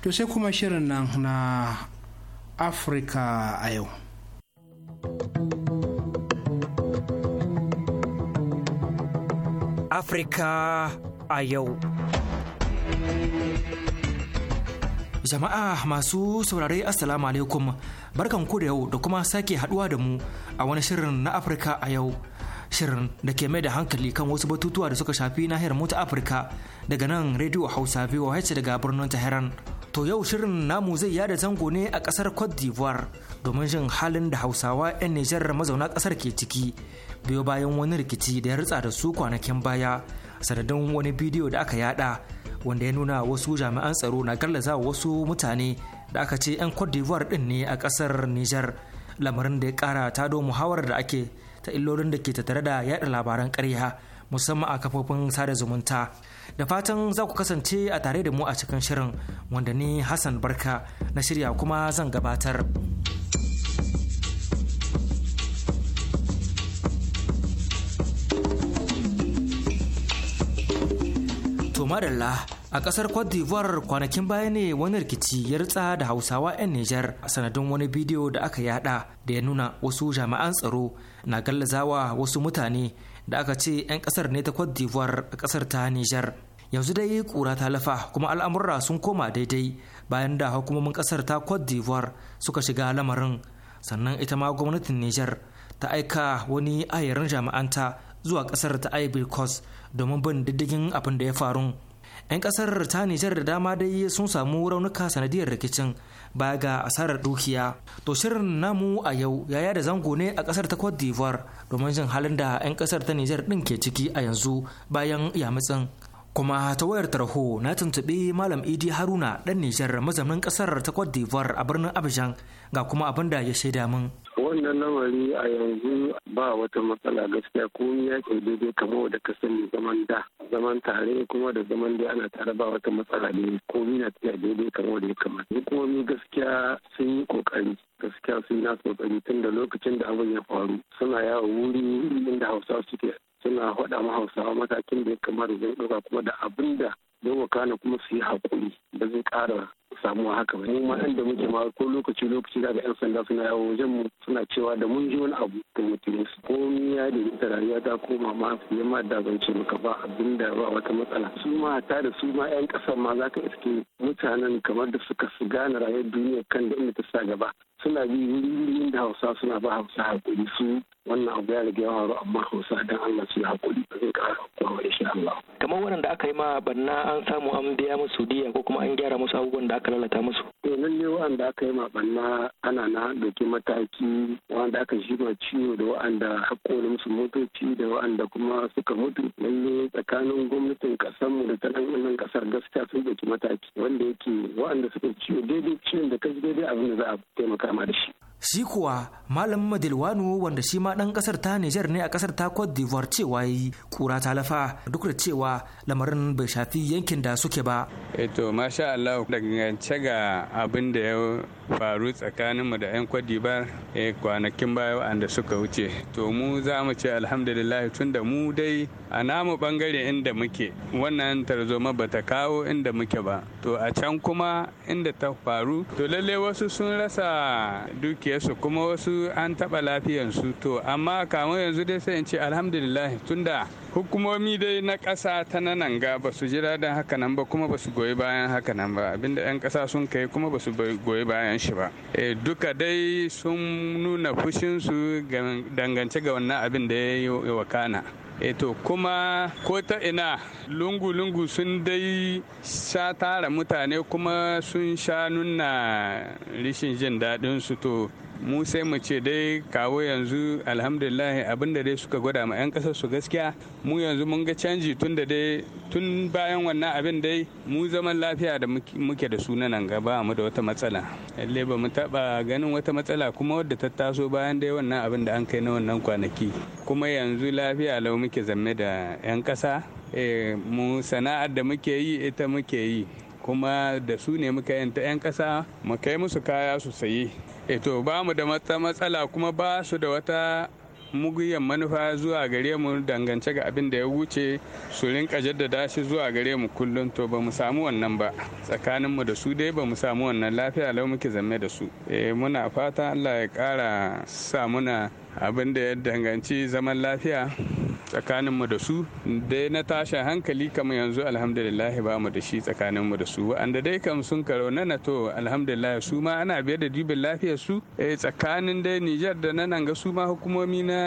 to sai kuma shirin nan na afirka a yau Afirka a yau. Jama'a masu saurare Assalamu alaikum barkan ku da yau da kuma sake haduwa da mu a wani shirin na Afirka a yau. Shirin da ke mai da hankali kan wasu batutuwa da suka shafi nahiyar mu Afirka daga nan Radio Hausa biyu VOH daga birnin Tehran. To yau shirin namu zai yada zango ne a kasar Cote d'Ivoire domin jin halin da Hausawa 'yan Nijar mazauna kasar ke ciki. biyo bayan wani rikici da ya ritsa da su kwanakin baya sanadin wani bidiyo da aka yada wanda ya nuna wasu jami'an tsaro na gallaza wasu mutane da aka ce 'yan Cote d'Ivoire din ne a kasar Nijar lamarin da ya kara ta do muhawarar da ake ta illolin da ke tattare da yada labaran karya musamman a kafofin sada zumunta da fatan za ku kasance a tare da mu a cikin shirin wanda ni Hassan Barka na shirya kuma zan gabatar. Tomarilla a kasar Cote d'Ivoire kwanakin baya ne wani rikici ya ritsa da Hausawa 'yan Nijar a sanadin wani bidiyo da aka yada da ya nuna wasu jami'an tsaro na gallazawa wasu mutane da aka ce 'yan kasar ne ta Cote d'Ivoire a kasar ta Nijar. Yanzu dai kura ta lafa kuma al'amurra sun koma daidai bayan da hukumomin kasar ta Cote d'Ivoire suka shiga lamarin sannan ita ma gwamnatin Nijar ta aika wani ayarin jami'anta zuwa kasar ta Ivory Coast domin bin diddigin abin da ya faru 'yan kasar ta nijar da dama dai sun samu raunuka sanadiyar rikicin ba ga asarar dukiya to shirin namu a yau ya da zango ne a kasar ta cote d'ivoire domin jin halin da 'yan kasar ta nijar din ke ciki a yanzu bayan yamitsin kuma ta wayar tarho na tuntuɓi malam idi haruna ɗan nijar mazaunin ƙasar ta cote d'ivoire a birnin abidjan ga kuma abin da ya shaida min wannan lamari a yanzu ba wata matsala gaskiya ko ya ke daidai kamar da ka sani zaman da zaman tare kuma da zaman da ana tare ba wata matsala ne komai na tafiya daidai kamar da ya kamata hukumomi gaskiya sun yi kokari gaskiya sun yi nasu kokari tun da lokacin da abin ya faru suna yawo wuri inda hausa suke suna faɗa ma hausawa matakin da ya kamata zai ɗauka kuma da abin da zai wakana kuma su yi haƙuri da zai ƙara samuwa haka ba mu ma da muke ma ko lokaci lokaci za ga yan sanda suna yawo wajen mu suna cewa da mun ji wani abu da mutum su ko ya da ta rayuwa ta koma ma su ma da ban ce maka ba abin da ba wata matsala su ma ta da su ma yan kasar ma za ka iske mutanen kamar da suka su gane rayuwar duniya kan da inda ta sa gaba suna bi wurin da hausa suna ba hausa hakuri su wannan abu ya riga yawa amma hausa dan Allah su hakuri ba zai kara kuma insha Allah kamar da aka yi ma banna an samu an biya musu diya ko kuma an gyara musu abubuwan da aka lalata musu. To ne wanda aka yi maɓanna ana na doki mataki wanda aka shi ma ciwo da wa'anda da musu motoci da wa'anda kuma suka mutu lalle tsakanin gwamnatin mu da ta ɗan ƙasar gaskiya sun doki mataki wanda yake wa'anda suka ciwo daidai ciwon da kai daidai abin da za a taimaka ma da shi. shi kuwa malam madilwanu wanda shi ma ɗan kasar ta nijar ne a kasar ta cote d'ivoire cewa yi kura ta lafa duk da cewa lamarin bai shafi yankin da suke ba eto eh masha allah dangance ga abin da ya faru tsakaninmu da 'yan cote d'ivoire eh, kwanakin baya anda suka wuce to mu za mu ce alhamdulillah tun da mu dai a namu bangare inda muke wannan tarzoma ba ta kawo inda muke ba to a can kuma inda ta faru to lallai wasu sun rasa duki su kuma wasu an taɓa lafiyansu to amma kamun yanzu dai sai in ce alhamdulillah tunda hukumomi dai na ƙasa ta nan ga ba su jira daɗin haka nan ba kuma ba su goyi bayan haka nan ba abinda 'yan ƙasa sun kai kuma ba su goyi bayan shi ba e, duka dai sun nuna fushinsu dangance ga wannan abin da ya yi wa wakana eto eh, kuma ko ta ina lungu-lungu sun dai sha tara mutane kuma sun sha nuna rishin jin daɗin su to mu sai mu ce dai kawo yanzu alhamdulillah abin da dai suka gwada ma 'yan kasar su gaskiya mu yanzu mun ga canji tun da dai tun bayan wannan abin dai mu zaman lafiya da muke da su nan gaba mu da wata matsala lalle ba mu taba ganin wata matsala kuma wadda ta taso bayan dai wannan abin da an kai na wannan kwanaki kuma yanzu lafiya lau muke zamme da 'yan kasa eh, mu sana'ar da muke yi ita muke yi kuma da su ne muka yanta 'yan kasa mu kai musu kaya su sayi Eh, to ba mu da matsala kuma ba su da wata mugiyar manufa zuwa gare mu dangance ga abin da ya wuce su rinka jaddada shi zuwa gare mu kullum to ba mu samu wannan ba tsakanin mu da su dai ba mu samu wannan lafiya lau muke zamme da su eh muna fata Allah ya kara sa muna abin da ya danganci zaman lafiya tsakaninmu da su dai na tashin hankali kamar yanzu alhamdulillah ba mu da shi tsakaninmu da su wanda dai kam sun karo na nato alhamdulillah su ma ana biyar da dibin lafiyar su eh, tsakanin dai Niger da na nan ga su ma hukumomi na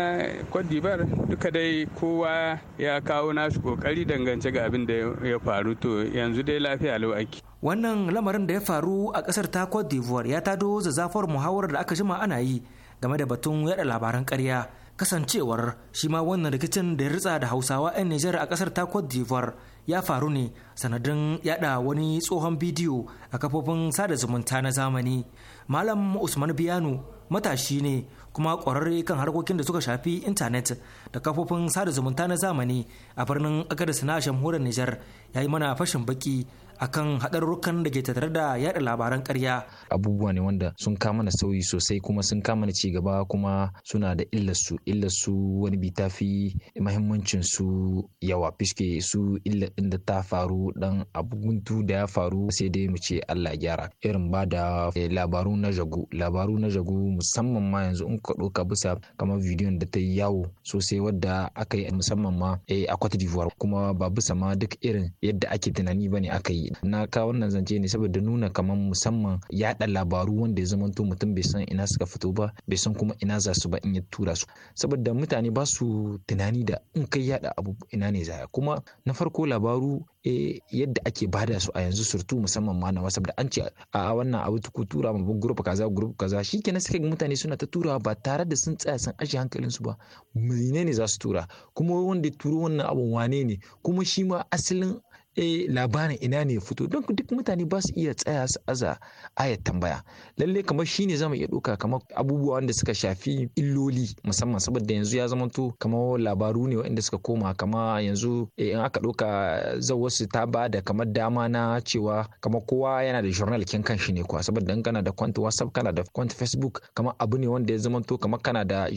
d'Ivoire duka dai kowa ya kawo nashi kokari dangance ga abin da ya faru to yanzu dai lafiya lau aiki. wannan lamarin da ya faru a kasar ta cote d'ivoire ya tado zazafar muhawarar da aka jima ana yi game da batun yada labaran karya kasancewar shi ma wannan rikicin da ya ritsa da hausawa 'yan nijar a kasar ta cote d'ivoire ya faru ne sanadin yada wani tsohon bidiyo a kafofin sada zumunta na zamani malam usman biyanu matashi ne kuma ƙwararre kan harkokin da suka shafi intanet da kafofin sada zumunta na zamani a birnin agadis na jamhuriyar nijar ya yi mana fashin baki akan haɗarurrukan da ke tattare da yaɗa labaran ƙarya. Abubuwa ne wanda sun kama na sauyi sosai kuma sun kama na cigaba kuma suna da illarsu illarsu wani bi ta fi mahimmancin su yawa fiske su illa ɗin da ta faru dan abuguntu da ya faru sai dai mu ce Allah gyara irin ba da eh, labaru na jago labaru na jago musamman ma yanzu in ka ɗauka bisa kamar bidiyon da ta yi yawo sosai wadda aka yi musamman ma eh, a Cote d'Ivoire kuma ba bisa ma duk irin yadda ake tunani ba ne aka yi na ka wannan zance ne saboda nuna kamar musamman yaɗa labaru wanda ya zama mutum bai san ina suka fito ba bai san kuma ina za su ba in ya tura su saboda mutane ba su tunani da in kai yaɗa abu ina ne za kuma na farko labaru e, yadda ake bada su a yanzu surtu musamman ma na whatsapp da an ce a wannan abu tuku tura ma group kaza group kaza shikenan suka ga mutane suna ta turawa ba tare da sun tsaya san sun hankalin su ba menene za su tura kuma wanda ya turo wannan abun wane ne kuma shi ma asalin eh labarin ina ne ya fito don duk mutane ba su iya tsaya su aza ayat tambaya lalle kamar ne zama iya ɗauka kamar abubuwa wanda suka shafi illoli musamman saboda yanzu ya to kamar labaru ne waɗanda suka koma kama yanzu eh, in aka ɗauka wasu ta ba da kamar dama na cewa kamar kowa yana da journal kin kanshi ne kuwa saboda kana da kwanta whatsapp kana da kwanta facebook kamar abu ne wanda ya to kamar kana da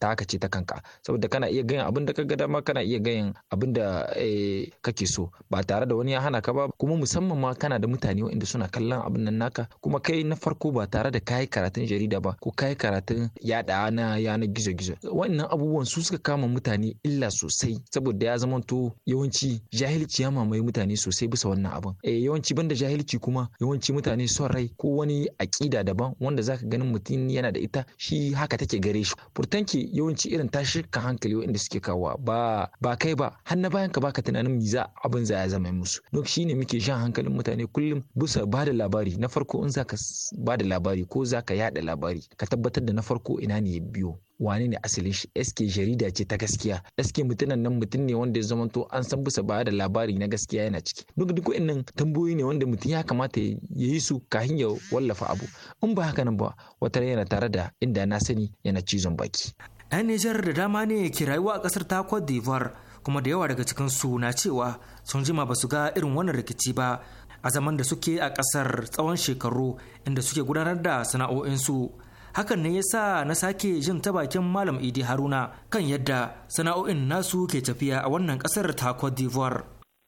ta ka ce ta kanka saboda kana iya ganin abin da ka ga dama kana iya ganin abin da eh, kake so ba tare tare da wani ya hana ka ba kuma musamman ma kana da mutane waɗanda suna kallon abin nan naka kuma kai na farko ba tare da kayi karatun jarida ba ko kayi karatun yaɗa na yanar gizo-gizo wannan abubuwan su suka kama mutane illa sosai saboda ya zama to yawanci jahilci ya mamaye mutane sosai bisa wannan abin eh yawanci banda jahilci kuma yawanci mutane son rai ko wani aƙida daban wanda zaka ganin mutum yana da ita shi haka take gare shi furtanki yawanci irin tashi ka hankali waɗanda suke kawo ba ba kai ba har na bayan ka baka tunanin me za abin za ya zama musu shi ne muke shan hankalin mutane kullum bisa ba da labari na farko in zaka ba da labari ko zaka yada labari ka tabbatar da na farko ina ne biyo wane ne asalin shi eske jarida ce ta gaskiya eske mutunan nan mutum ne wanda ya zamanto an san bisa ba da labari na gaskiya yana ciki duk duk wannan tambayoyi ne wanda mutum ya kamata ya yi su kafin ya wallafa abu in ba haka nan ba wata yana tare da inda na sani yana cizon baki 'yan nijar da dama ne ke rayuwa a kasar ta cote d'ivoire kuma da yawa daga cikinsu na cewa sun jima ba su ga irin wannan rikici ba a zaman da suke a ƙasar tsawon shekaru inda suke gudanar da sana'o'insu hakan ne yasa na sake jin ta bakin malam idi haruna kan yadda sana'o'in nasu ke tafiya a wannan ƙasar ta cote d'ivoire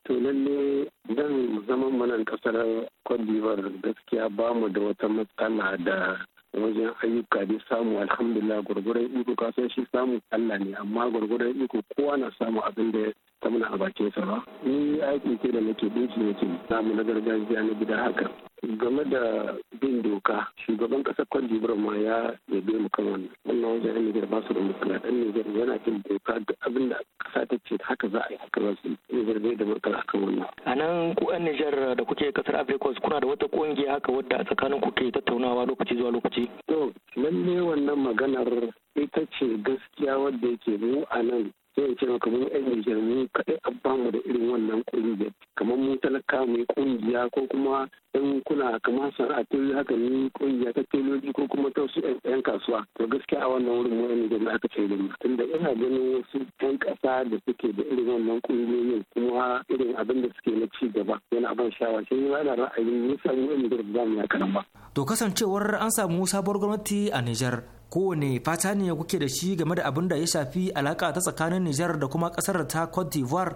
to lalle zan zaman mana ƙasar cote d'ivoire gaskiya ba mu da wata matsala da wajen ayyuka dai samu alhamdulillah gwargwaron iko kasan shi samu Allah ne amma gwargwaron iko kowa na samu abin da ta muna a bakin sa ba ni aiki ke da nake dinki nake samu na gargajiya na gida haka game da bin doka shugaban kasar kwan ma ya yabe mu kan wannan wannan wajen yan nijar ba su da matsala dan nijar yana bin doka da abin da kasa ta ce haka za a yi haka za nijar zai da matsala akan wannan a nan ku yan nijar da kuke kasar afrika kuna da wata kungiya haka wadda a tsakanin ku ke tattaunawa lokaci zuwa lokaci to lalle wannan maganar ita ce gaskiya wadda yake mu a nan zai ce maka mun yan Nijar mu kaɗai an bamu da irin wannan ƙungiyar kamar mu talaka mai ƙungiya ko kuma ɗan kuna kamar sana'atun haka ni ƙungiya ta teleji ko kuma ta wasu ƴan kasuwa to gaskiya a wannan wurin mu yan Nijar aka ce da mu tunda ina ganin wasu yan ƙasa da suke da irin wannan ƙungiyoyin kuma irin abin da suke na ci gaba yana ban sha'awa sai yana ra'ayin nisan yan Nijar ba mu yi a ba. To kasancewar an samu sabuwar gwamnati a Nijar kowane fata ne kuke da shi game da abin da ya shafi alaka ta tsakanin Nijar da kuma kasar ta Cote d'Ivoire?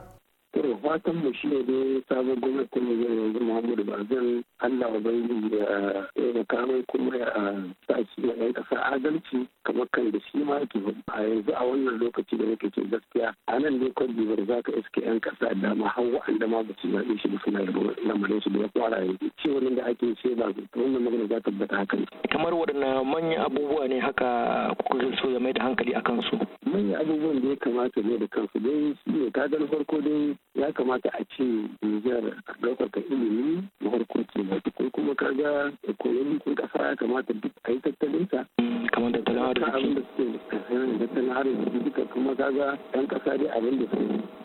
To fatan mu shi ne sabon gwamnatin ne zai yanzu Muhammadu Bazin Allah Ubangiji da ya kuma ya sa shi da ɗan ƙasa adalci wannan lokaci da nake ce gaskiya a nan ne kwan bibar za ka iske yan kasa da ma har wa'anda ma ba su zaɓe shi ba suna da lamarin su da ya fara yanzu ce da ake ce ba su ta wannan magana za ta bata hakan. kamar waɗanne manyan abubuwa ne haka kuka so ya mai da hankali a kansu. manyan abubuwan da ya kamata ne da kansu dai shi ne ka gani farko dai ya kamata a ce Nijar ɗaukaka ilimi na farko ce, na ko kuma ka ga koyon kasa ya kamata duk a yi tattalinsa. Mm, kamar tattalin arziki. wannan harin su duka kuma kaga yan kasa dai abin da su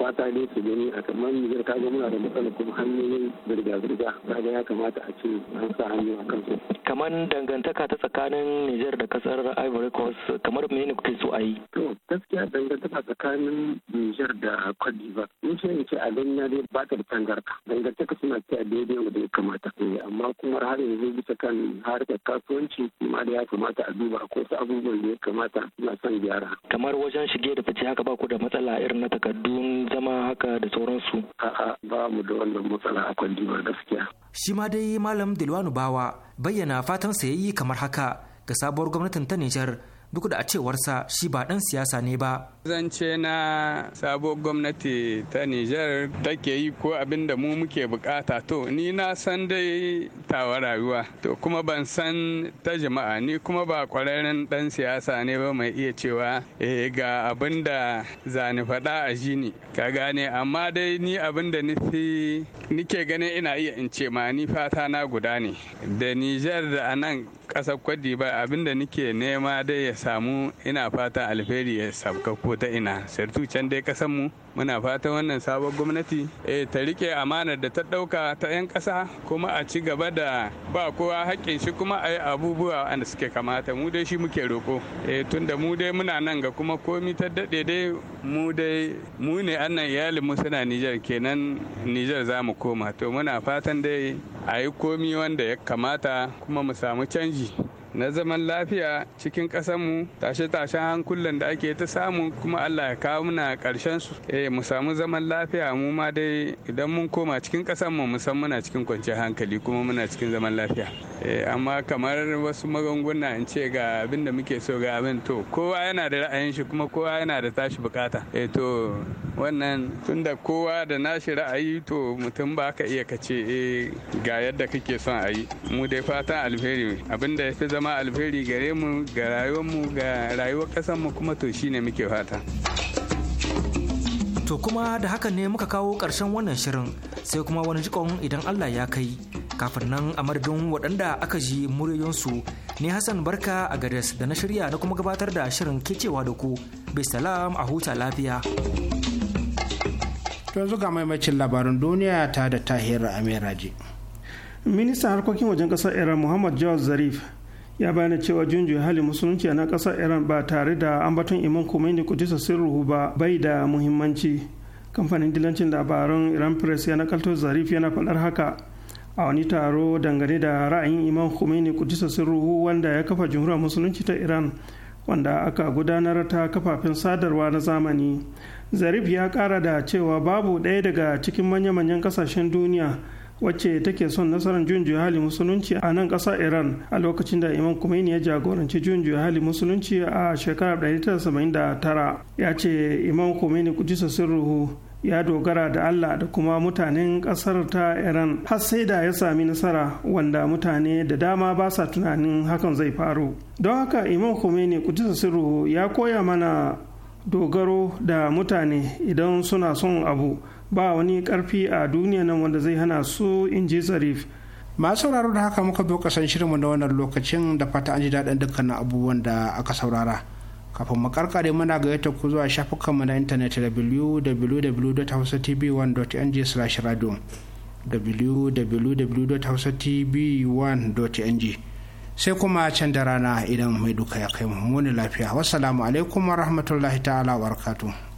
fata ne su gani a kamar nijar ka ga muna da matsalar kuma hanyoyin zirga-zirga da ya kamata a ce an sa hannu a kansu. kamar dangantaka ta tsakanin niger da kasar ivory coast kamar menene kuke so a yi. to gaskiya dangantaka tsakanin niger da cote d'ivoire in ce in ce a gani dai ba ta da tangarda dangantaka suna cewa daidai wanda ya kamata eh, amma kuma har yanzu bisa kan harkar kasuwanci ma da ya kamata a duba ko su abubuwan da ya kamata suna son gyara. kamar wajen shige da fice haka ba ku da matsala irin na takardun zama haka da sauransu a'a ba mu da wannan matsala a kwandimar gaskiya shi ma dai malam dilwanu bawa bayyana fatan sayayyi kamar haka ga sabuwar gwamnatin ta Nijar duk da a cewarsa shi ba ɗan siyasa ne ba. Zance na sabo gwamnati ta Nijar take yi ko abin da mu muke bukata to ni na san dai tawa rayuwa to kuma ban san ta jama'a ni kuma ba kwararren ɗan siyasa ne ba mai iya cewa eh ga abin da zani faɗa a ji ni ka gane amma dai ni abin da nufi nike ganin ina iya in ce ma ni fata na guda ne da Nijar da anan ƙasar kwadi ba abin da nike nema dai ya samu ina fata alheri ya sabka ko ta ina sartu can dai kasan mu muna fata wannan sabon gwamnati eh ta rike amanar da ta dauka ta yan kasa kuma a ci gaba da ba kowa hakkin shi kuma a yi abubuwa wanda suke kamata mu dai shi muke roko eh tunda mu dai muna nan ga kuma komi ta daɗe dai mu dai mu ne annan iyalin mu suna Nijar kenan Nijar za mu koma to muna fatan dai a yi komi wanda ya kamata kuma mu samu canji na zaman lafiya cikin ƙasarmu tashe-tashen hankulan da ake ta samu kuma Allah ya kawo muna ƙarshen su eh mu samu zaman lafiya mu ma dai idan mun koma cikin ƙasarmu mu san muna cikin kwanciyar hankali kuma muna cikin zaman lafiya eh amma kamar wasu magunguna in ce ga abin da muke so ga abin to kowa yana da ra'ayin shi kuma kowa yana da tashi bukata eh to wannan tunda kowa da nashi ra'ayi to mutum ba ka iya kace eh ga yadda kake son a yi mu dai fatan alheri abin da ya fi zama zama alheri gare mu ga rayuwarmu ga rayuwar ƙasarmu kuma to shine muke fata. To kuma da haka ne muka kawo ƙarshen wannan shirin sai kuma wani jikon idan Allah ya kai. Kafin nan a madadin waɗanda aka ji muryoyinsu ne Hassan Barka a Gades da na shirya na kuma gabatar da shirin kecewa da ku. salam a huta lafiya. To yanzu ga maimacin labarin duniya ta da Tahir Amiraji. Ministan harkokin wajen ƙasar Iran Muhammad Jawad Zarif ya bayyana cewa junjin hali musulunci na kasa iran ba tare da ambaton imam khomeini kudisa sirruhu ba bai da muhimmanci kamfanin dilancin labaran iran press ya nakalto zarif yana faɗar haka a wani taro dangane da ra'ayin imam khomeini kudisa sirruhu wanda ya kafa jumhuriyar musulunci ta iran wanda aka gudanar ta kafafen sadarwa na zamani zarif ya kara da cewa babu ɗaya daga cikin manya-manyan ƙasashen duniya wacce take son nasarar juyin juya hali musulunci a nan ƙasa iran a lokacin da imam kumaini ya jagoranci juyin juya hali musulunci a shekarar 1979 ya ce imam Khomeini kudisa sirruhu ya dogara da Allah da kuma mutanen ƙasar ta Iran har sai da ya sami nasara wanda mutane da dama ba sa tunanin hakan zai faru. Don haka Imam Khomeini kudisa sirruhu ya koya mana dogaro da mutane idan suna son abu ba wani karfi a duniya nan wanda zai hana su in ji zarif masu sauraro da haka muka biyo kasan shirinmu na wannan lokacin da fata an ji daɗin dukkanin abubuwan da aka saurara kafin mu karkare muna gayyata ku zuwa shafukanmu na intanet www.hausatv1.ng/radio www.hausatv1.ng sai kuma can da rana idan mai duka ya kai mu lafiya wassalamu alaikum wa rahmatullahi ta'ala wa barakatuh